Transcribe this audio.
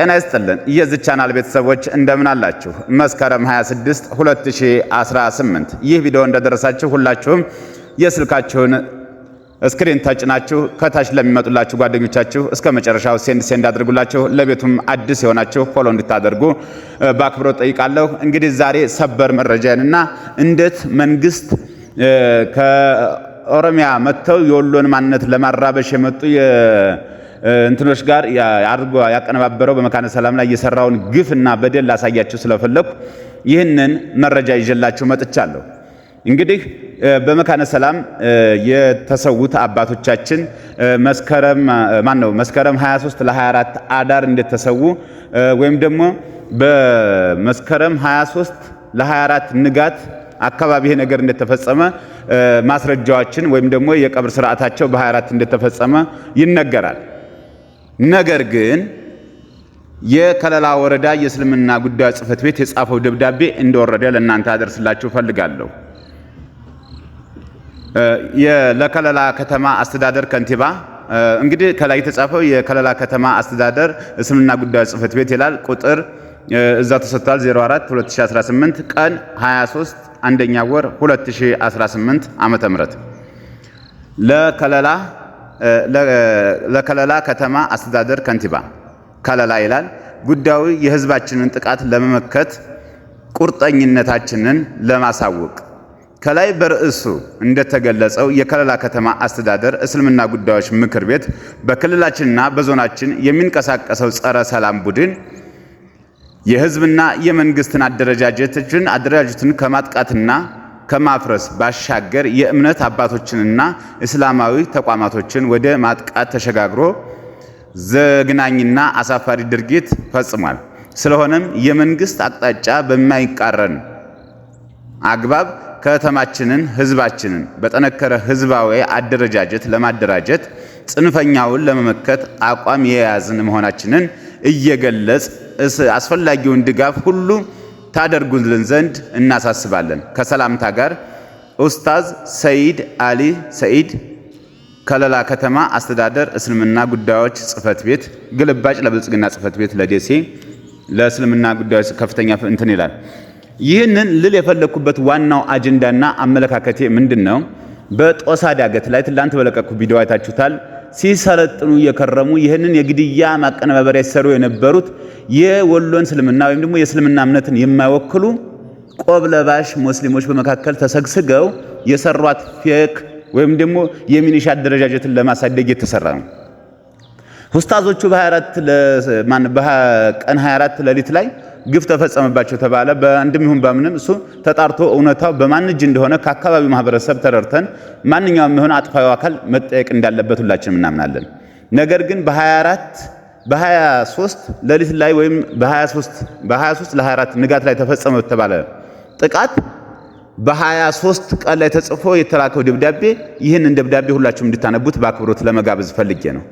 ጤና ይስጥልን የዚህ ቻናል ቤተሰቦች እንደምን አላችሁ? መስከረም 26 2018 ይህ ቪዲዮ እንደደረሳችሁ ሁላችሁም የስልካችሁን ስክሪን ተጭናችሁ ከታች ለሚመጡላችሁ ጓደኞቻችሁ እስከ መጨረሻው ሴንድ ሴንድ አድርጉላችሁ። ለቤቱም አዲስ የሆናችሁ ፎሎ እንድታደርጉ በአክብሮ ጠይቃለሁ። እንግዲህ ዛሬ ሰበር መረጃንና እንዴት መንግስት ከኦሮሚያ መጥተው የወሎን ማንነት ለማራበሽ የመጡ እንትኖች ጋር አድርጎ ያቀነባበረው በመካነ ሰላም ላይ የሰራውን ግፍና በደል ላሳያችሁ ስለፈለኩ ይህንን መረጃ ይዤላችሁ መጥቻለሁ። እንግዲህ በመካነ ሰላም የተሰዉት አባቶቻችን መስከረም ማን ነው መስከረም 23 ለ24 አዳር እንደተሰዉ ወይም ደግሞ በመስከረም 23 ለ24 ንጋት አካባቢ ይሄ ነገር እንደተፈጸመ ማስረጃዎችን ወይም ደግሞ የቀብር ስርዓታቸው በ24 እንደተፈጸመ ይነገራል። ነገር ግን የከለላ ወረዳ የእስልምና ጉዳዮች ጽህፈት ቤት የጻፈው ደብዳቤ እንደወረደ ለእናንተ አደርስላችሁ ፈልጋለሁ። ለከለላ ከተማ አስተዳደር ከንቲባ እንግዲህ ከላይ የተጻፈው የከለላ ከተማ አስተዳደር እስልምና ጉዳዮች ጽህፈት ቤት ይላል። ቁጥር እዛ ተሰጥቷል 04 2018 ቀን 23 አንደኛ ወር 2018 ዓ ም ለከለላ ለከለላ ከተማ አስተዳደር ከንቲባ ከለላ ይላል። ጉዳዩ የህዝባችንን ጥቃት ለመመከት ቁርጠኝነታችንን ለማሳወቅ ከላይ በርዕሱ እንደተገለጸው የከለላ ከተማ አስተዳደር እስልምና ጉዳዮች ምክር ቤት በክልላችንና በዞናችን የሚንቀሳቀሰው ጸረ ሰላም ቡድን የህዝብና የመንግስትን አደረጃጀቶችን አደረጃጀትን ከማጥቃትና ከማፍረስ ባሻገር የእምነት አባቶችንና እስላማዊ ተቋማቶችን ወደ ማጥቃት ተሸጋግሮ ዘግናኝና አሳፋሪ ድርጊት ፈጽሟል። ስለሆነም የመንግስት አቅጣጫ በማይቃረን አግባብ ከተማችንን፣ ህዝባችንን በጠነከረ ህዝባዊ አደረጃጀት ለማደራጀት ጽንፈኛውን ለመመከት አቋም የያዝን መሆናችንን እየገለጽ አስፈላጊውን ድጋፍ ሁሉ ታደርጉልን ዘንድ እናሳስባለን። ከሰላምታ ጋር ኡስታዝ ሰይድ አሊ ሰይድ ከለላ ከተማ አስተዳደር እስልምና ጉዳዮች ጽህፈት ቤት ግልባጭ ለብልጽግና ጽህፈት ቤት ለደሴ ለእስልምና ጉዳዮች ከፍተኛ እንትን ይላል። ይህንን ልል የፈለግኩበት ዋናው አጀንዳና አመለካከቴ ምንድን ነው? በጦሳ ዳገት ላይ ትላንት በለቀቅኩ ቪዲዮ አይታችሁታል። ሲሰለጥኑ እየከረሙ ይህንን የግድያ ማቀነባበሪያ ሲሰሩ የነበሩት የወሎን እስልምና ወይም ደግሞ የእስልምና እምነትን የማይወክሉ ቆብለባሽ ሙስሊሞች በመካከል ተሰግስገው የሰሯት ፌክ ወይም ደግሞ የሚኒሻ አደረጃጀትን ለማሳደግ የተሰራ ነው። ኡስታዞቹ በቀን 24 ሌሊት ላይ ግፍ ተፈጸመባቸው ተባለ። በአንድም ይሁን በምንም እሱ ተጣርቶ እውነታው በማን እጅ እንደሆነ ከአካባቢው ማህበረሰብ ተረድተን ማንኛውም የሆነ አጥፋዊ አካል መጠየቅ እንዳለበት ሁላችንም እናምናለን። ነገር ግን በ24 በ23 ሌሊት ላይ ወይም በ23 በ23 ለ24 ንጋት ላይ ተፈጸመ ተባለ ጥቃት በ23 ቀን ላይ ተጽፎ የተላከው ደብዳቤ ይህንን ደብዳቤ ሁላችሁም እንድታነቡት በአክብሮት ለመጋበዝ ፈልጌ ነው።